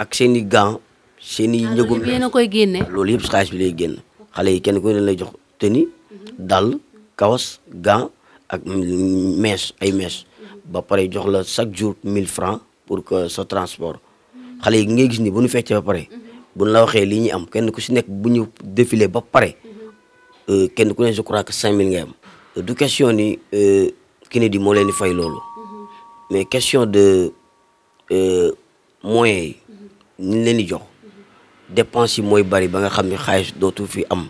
ak seen i gants seen i ah, njëgum yéen a koy génne loolu yëpp xaalis bi génn xale yi kenn ku ne lay jox tenue dàll kawas gants ak mees ay mees ba pare jox la chaque jour mille francs pour que sa transport xale yi ngay gis ni bu ñu feccee ba pare bu ñu la waxee lii ñuy am kenn ku si nekk bu ñu défilé ba pare euh, kenn ku ne je crois que 5000 ngay am du question ni euh, Kennedy moo leen di fay loolu mhm. mais question de euh, moyens dépenses moy bari ba nga fi am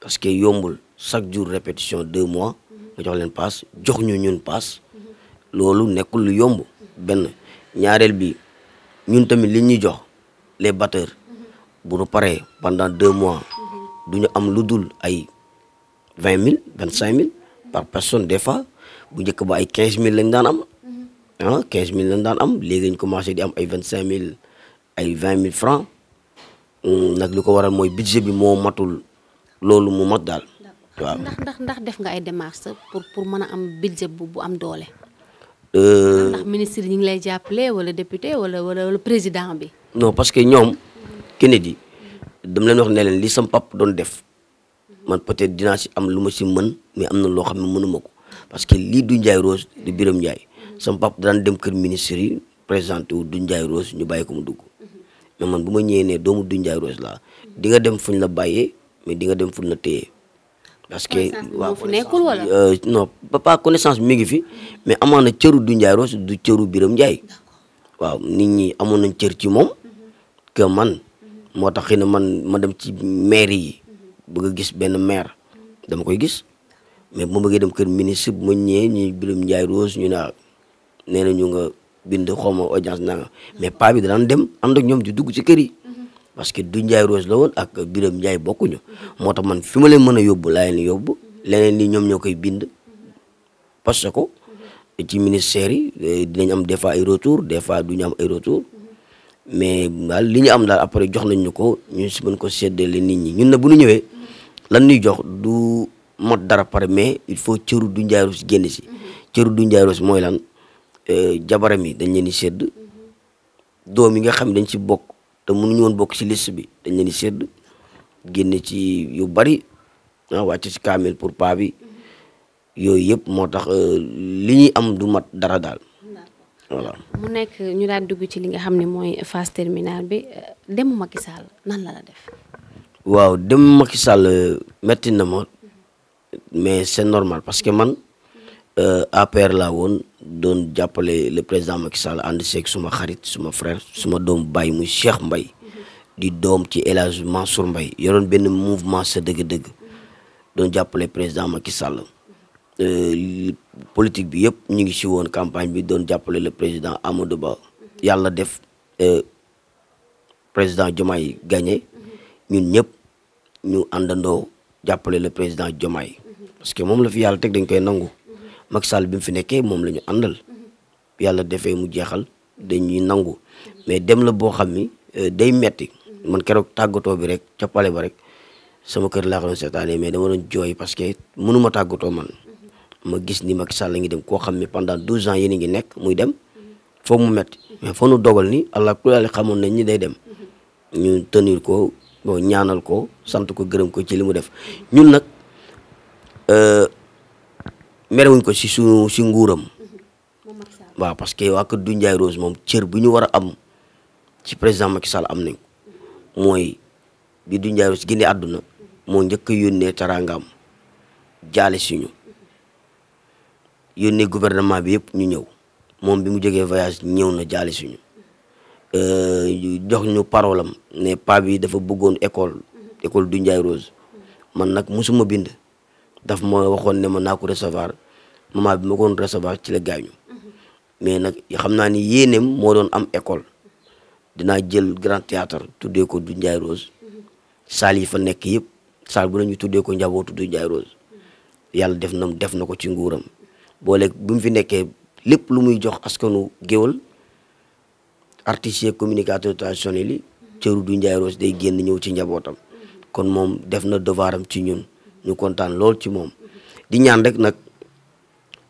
parce que yombul chaque jour répétition deux mois nga jox len passe jox ñu ñun passe lolu nekul lu yomb ben ñaarel bi ñun tamit li ñi jox les batteurs bu ñu paré pendant deux mois duñu am ludul ay 20 000, 25 000 par personne des fois bu ñëk 15 000 lañ daan am 15 ah, 000 lañ 25 000 ay 20000 francs mm, nak lu ko waral moy budget bi mo matul lolou mu mat dal ndax ndax ndax def nga ay démarches pour pour meuna am budget bu bu am doole euh, ndax ministre ñing lay jappelé wala député wala wala le président bi non parce que ñom Kennedy dam leen wax ne leen li sam pap don def man peut-être dina ci am luma ci meun mais amna lo xamne xam ne parce que li du ndjay Rose du Biram ndjay sam pap dañ dem keur ministre yi présenté du ndjay Rose ñu bayiko mu dugg mais man bu ma ñëwee ne doomu du Ndiaye Rose laa di nga dem fuñ la bàyyee mais di nga dem fuñ la téye. parce que waaw nekkul wala. Euh, non pas connaissance mi ngi fi mais amoon na cëru Doudou Ndiaye Rose du cëru Biram Ndiaye waaw nit ñi amoon nañ cër ci moom que man mhm. moo tax xëy na man ma dem ci maire yi mhm. bëgg a gis benn maire mhm. dama koy gis mais bu bëggee dem kër ministre bu ma ñëwee ñuy Biram Ndiaye Rose ñu naa ah, nee na bind xaw ma audience nanga mais paa bi daan dem ànd ak ñoom di dugg ci kër yi parce que du Ndiaye Rose la woon ak Birame Ndiaye bokkuñu moo tax man fi ma leen mën a yóbbu laa leen yóbbu leneen li ñoom ñoo koy bind parce que ci ministère yi eh, dinañ am des fois ay retour des fois du ñu ay retour mais daal li ñu am daal après jox nañ ñu ko ñu si mën ko séddale nit ñi ñun na bu ñu ñëwee lan ñuy jox du mot dara pare mais il faut cëru du Ndiaye Rose génn si cëru du Ndiaye Rose mooy lan Eh, jabaram yi dañ leen di sedd doom yi nga xam dañ ci bokk te mënuñu woon bokk ci liste bi dañ leen di sedd génne ci yu bari ah wàcc ci kaamil pour pa bi yooyu yëpp moo euh, li ñuy am du mat dara daal voilà. mu nekk ñu daan dugg ci li nga xam ne phase terminale bi euh, demu Macky Sall nan la la def. waaw demu Macky Sall euh, metti na ma mais c'est normal parce que man APR laa woon. doon jàppale le président Macky Sall ànd seeg suma xarit suma frère suma doom baay muy Cheikh mbay di doom ci El Hadj mbay Mbaye yoroon benn mouvement sa dëgg-dëgg doon jàppale président Macky Sall euh, politique bi yëpp ñu ngi si woon campagne bi doon jàppale le président Amadou Ba yàlla def euh, président Diomaye gagné ñun ñëpp ñu àndandoo jàppale le président Diomaye parce que moom la fi yàlla teg dañ koy nangu. Macky Sall bi mu fi nekkee moom la ñu àndal yàlla defee mu jeexal dañuy nangu mais dem la boo xam ni euh, day metti man keroog tàggatoo bi rek ca pale ba rek sama kër laa xam seetaane mais dama doon jooy parce que mënuma tàggatoo man ma gis ni mag Sall la ngi dem koo xam ne pendant douze ans yéen a ngi nekk muy dem foog mu metti mais foog nu dogal ni allah kulli xamoon nañ ni day dem ñu tenir ko ñaanal ko sant ko gërëm ko ci li mu def ñun nag. Euh, merewuñ ko si su si nguuram mhm. waaw parce que waa kër Doudou Ndiaye Rose moom cër bu ñu war a am ci président Macky Sall am nañ ko mhm. mooy bi Doudou Ndiaye Rose génne àdduna mhm. moo njëkk a yónnee taraangaam jaale suñu yónnee gouvernement bi yëpp ñu ñëw moom bi mu jógee voyage ñëw na jaale suñu euh, jox ñu parole ne pa bi dafa bëggoon école école Doudou Ndiaye Rose man nag musuma bind daf ma waxoon ne ma naa ko recevoir maa bi ma ko recevoir ci la gaañu mais nag xam naa ni yéeneem moo doon am école dinaa jël grand théâtre tuddee ko du Ndiaye Rose saal yi fa nekk yëpp saal bu la ñu tuddee ko njabootu du Ndiaye Rose yàlla def na def na ko ci nguuram boole bi mu fi nekkee lépp lu muy jox askanu géwal artistes yi communicateurs traditionnels yi cëru du Ndiaye Rose day génn ñëw ci njabootam kon moom def na devoiram ci ñun ñu kontaan lool ci moom di ñaan rek nag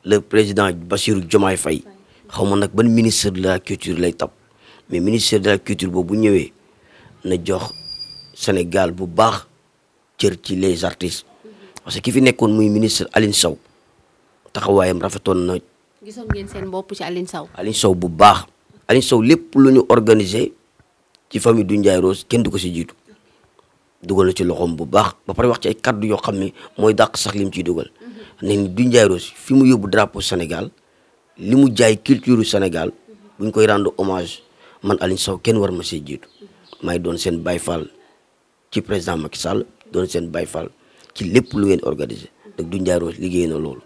le président Bassirou Diomaye fay xaw ma nag ban ministre de la culture lay tab mais ministère de la culture boobu ñëwee na jox Sénégal bu baax cër ci les artistes parce que ki fi nekkoon muy ministre Aline Sow taxawaayam rafetoon na. gisoon ngeen seen bopp ci Aline Sow. Aline Sow bu baax Aline Sow lépp lu ñu organisé ci famille Doudou Ndiaye Rose kenn du ko si jiitu. dugal na ci loxoom bu baax ba pare wax ci ay kaddu yoo xam ne mooy dàq sax lim ciy dugal ne ni Doudou Ndiaye Rose fi mu yóbbu drapeau Sénégal li mu jaay culture Sénégal mm-hmm. buñ koy rendre hommage man Alioune Sow kenn war ma see jiitu mm-hmm. may doon seen Baye Fall ci président Macky Sall doon seen Baye Fall ci lépp lu ngeen organisé mm-hmm. nag Doudou Ndiaye Rose liggéey na loolu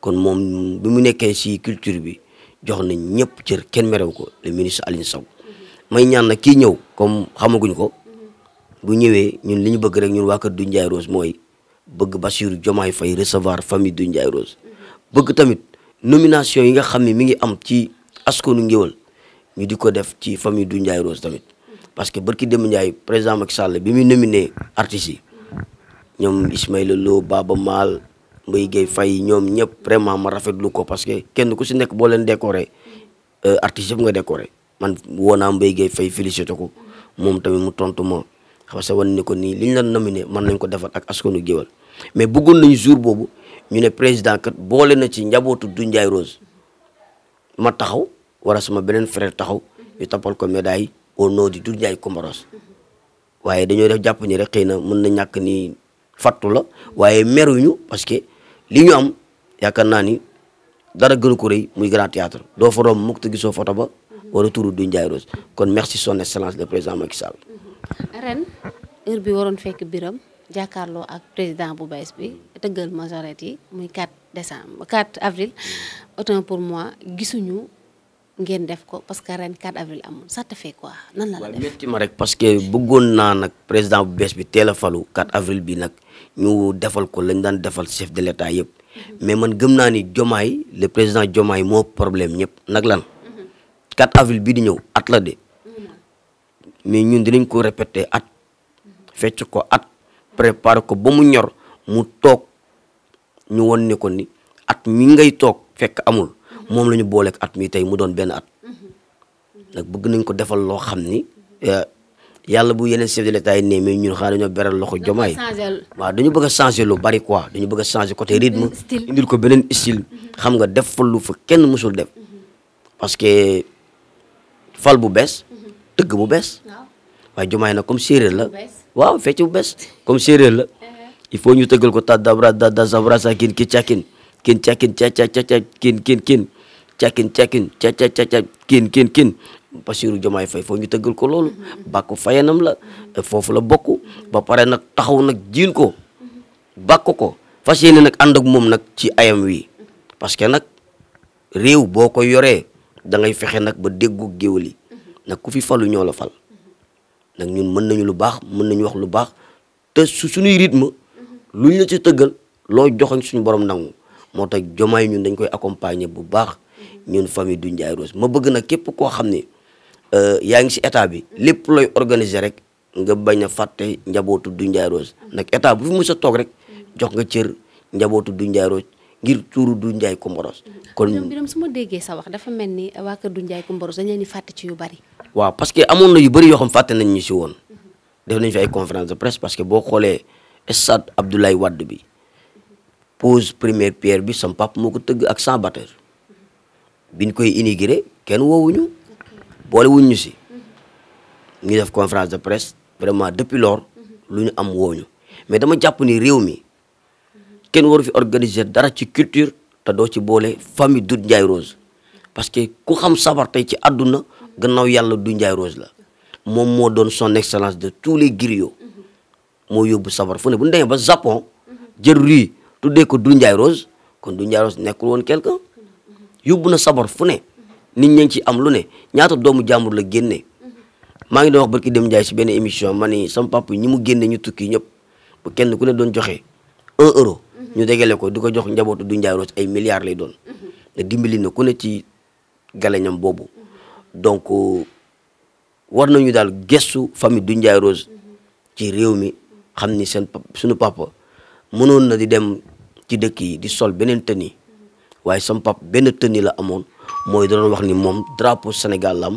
kon moom bi mu nekkee si culture bi jox nañ ñëpp cër kenn merew ko le ministre Alioune Sow may ñaan na kii ñëw comme xamaguñ ko bu ñëwee ñun li ñu bëgg rek ñun waa kër Doudou Ndiaye Rose mooy bëgg Bassirou Diomaye Faye recevoir famille Doudou Ndiaye Rose bëgg tamit nomination yi nga xam ne mi ngi am ci askanu ngéwal ñu di ko def ci famille Doudou Ndiaye Rose tamit parce que barki dem Ndiaye président Macky Sall bi muy nominé artistes yi ñoom Ismaïla Lo Baba Maal Mbaye Guèye fay ñoom ñëpp vraiment ma rafetlu ko parce que kenn ku si nekk boo leen décoré euh, artistes yëpp nga décoré man woo naa Mbaye fay Faye félicité ko moom tamit mu tontu ma xamsa wan ne ko nii liñ la nominé mën nañ ko defal ak askanu géwal mais bëggoon nañu jour boobu ñu ne président kat boole na ci njabootu du Ndiaye Rose ma taxaw wala sama beneen frère taxaw ñu toppal ko médaille au nom di du Ndiaye Coumba Rose waaye dañoo def jàpp ni rek xëy na mën na ñàkk ni fàttu la waaye ñu parce que li ñu am yaakaar naa ni dara gënu ko rëy muy grand théâtre doo fa romb mukk te gisoo photo ba wala turu du Ndiaye Rose kon merci son excellence le président Macky Sall ren heure bi waroon fekk biram jàkkaarloo ak président bu bees bi tëggal majorette yi muy 4 décembre 4 avril mm. autant pour moi gisuñu ngeen def ko parce que ren 4 avril amul ça te fait quoi nan la la def ma rek parce que bëggoon naa nag président bu bees bi teel a falu 4 avril bi nag ñu defal ko lañ daan defal chef de l'état yëpp mm-hmm. mais man gëm naa ni Diomaye le président Diomaye moo problème ñëpp nag lan 4 mm-hmm. avril bi di ñëw at la de mais ñun dinañ ko répété at fekk ko at préparé ko ba mu ñor mu toog ñu won ko ni at mi ngay toog fekk amul moom la ñu booleeg at mii tey mu doon benn at nag bëgg nañ ko defal loo xam ni eh, yàlla bu yeneen chef de l'état yi ne mais ñun xanaa dañoo beral loxo jomaay waaw dañu bëgg a changer lu bari quoi dañu bëgg a changer côté indil ko beneen style xam nga def fa lu fa kenn mësul def mhm. parce que fal bu bees deug bu bes waaye jumaay na comme sirel la waaw fecc bu bees comme la il eh. faut ñu tëggal ko ta dabra da da zabra sa kin ki chakin kin chakin cha cha cha cha kin kin kin chakin chakin cha cha cha cha kin kin kin Bassirou jumaay fay fo ñu ko fayanam mhm. la fofu la bokku ba pare nak taxaw nak jiin ko bàkk mhm. ko fasiyene nak and ak mom nak ci ayam wi parce que nak rew boko yoré da ngay fexé nak ba déggu nag ku fi falu ñoo la fal nag ñun mën nañu lu baax mën nañu wax lu baax te su suñuy rythme luñ la ci tëggal loo joxoñ suñu borom nangu moo tax jomaay ñun dañ koy accompagner bu baax ñun famille Doudou Ndiaye Rose ma bëgg nag képp koo xam ne euh, yaa ngi si état bi lépp looy organiser rek nga bañ a fàtte njabootu Doudou Ndiaye Rose nag état bu fi mës a toog rek jox nga cër njabootu Doudou Ndiaye Rose ngir turu du njaay ko mboros kon ñom biram suma déggé sa wax dafa melni wa waa du njaay ko mboros dañ leen faté ci yu bari wa parce que amoon na yu bari yo xam faté nañ ñu ci won def nañ fi ay conférence de presse parce que bo xolé stade abdoulaye Wad bi pose première pierre bi son pap moko teug ak sans batteur biñ koy inauguré kenn woowuñu bolé wuñ ñu si ñu def conférence de presse vraiment depuis lors luñu am wooñu mais dama japp ni réew mi kenn waru fi organiser dara ci culture te doo ci boole famille Doudou Ndiaye Rose parce que ku xam sabar tey ci àdduna gannaaw yàlla Doudou Ndiaye Rose la moom moo doon son excellence de tous les griots moo yóbbu sabar fu bu ndee ba Japon jël rue tuddee ko Doudou Ndiaye Rose kon Doudou Ndiaye Rose nekkul woon quelqu'un yóbbu na sabar fu ne nit ña ci am lu ne ñaata doomu jàmbur la génne maa ngi doon wax barki dem Ndiaye si benn émission ma ni sama papa ñi mu génne ñu tukki ñëpp kenn ku ne doon joxe ñu dégale ko di ko jox njabootu du njaay roos ay milliards lay doon mm-hmm. te dimbali na ku ne ci galañam boobu mm-hmm. donc war nañu daal gëstu famille du njaay mm-hmm. ci réew mi xam ni seen suñu papa mënoon na di dem ci dëkk yi di sol beneen tenue waaye sama papa benn tenue la amoon mooy da doon wax ni moom drapeau Sénégal la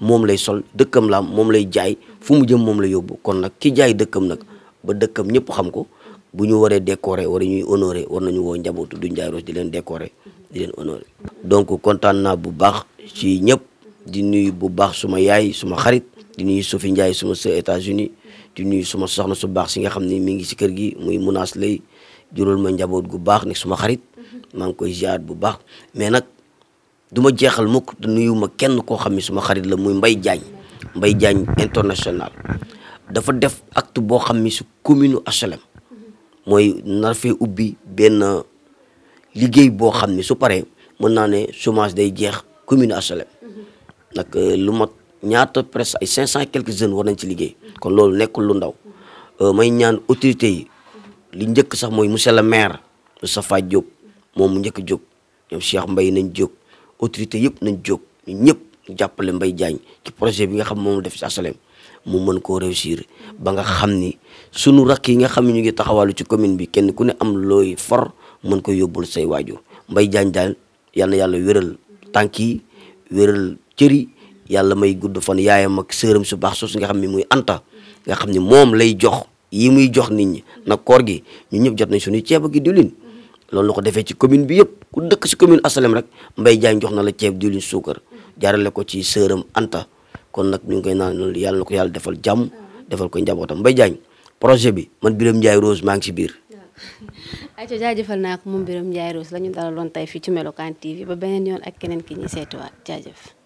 moom lay sol dëkkam la moom lay jaay fu mu jëm moom la yóbbu kon nag ki jaay dëkkam nag ba dëkkam ñëpp xam ko bu ñu waree décorer wala ñu honorer war nañu woo njabootu du Ndiaye Rose di leen décorer di leen honorer donc kontaan naa bu baax ci ñëpp di nuyu bu baax suma yaay suma xarit di nuyu Sophie Ndiaye suma sœur États-Unis di nuyu suma soxna su baax si nga xam ni mi ngi si kër gi muy munaas lay jural ma njaboot gu baax ni suma xarit maa ngi koy ziar bu baax mais nag du ma jeexal mukk te nuyu ma kenn koo xam ne suma xarit la muy mbay Diagne mbay Diagne international dafa def acte boo xam ni su commune HLM mooy nar fee ubbi benn liggéey boo xam ne su paree mën naa ne chômage day jeex commune HLM mhm. nag euh, lu mat ñaata presque ay cinq cent quelques jeunes war nañ ci liggéey kon loolu nekkul lu ndaw euh, may ñaan autorité yi li njëkk sax mooy monsieur le maire Moustapha Diop moom mu njëkk a jóg ñoom Cheikh Mbaye nañ jóg autorité yëpp nañ jóg ñun ñëpp jàppale Mbaye Diagne ci projet bi nga xam moom def ci HLM mu mën koo réussir ba nga xam ni sunu rakk yi nga xam ne ñu ngi taxawalu ci commune bi kenn ku ne am looy for mën ko yóbbul say waajur mbay jaañ daal yal na yàlla wéral tànk yi wéral cër yi yàlla may gudd fan yaayam ak sëram su baax soosu nga xam ne muy anta nga xam ne moom lay jox yi muy jox nit ñi nag koor gi ñu ñëpp jot nañ suñuy ceeb ak diwlin loolu la ko defee ci commune bi yëpp ku dëkk si commune asalem rek mbay jaañ jox na la ceeb diwlin suukar jaarale ko ci sëram anta kon nag ñu ngi koy naan yàlla na ko yàlla defal jàmm defal ko njabootam Mbaye Diagne projet bi man Birame Ndiaye Rose maa ngi si biir. ayca jaajëfal naa ko moom Birame Ndiaye Rose la ñu dalaloon tey fii ci Melokaan TV ba beneen yoon ak keneen ki ñuy saytuwaat jaajëf.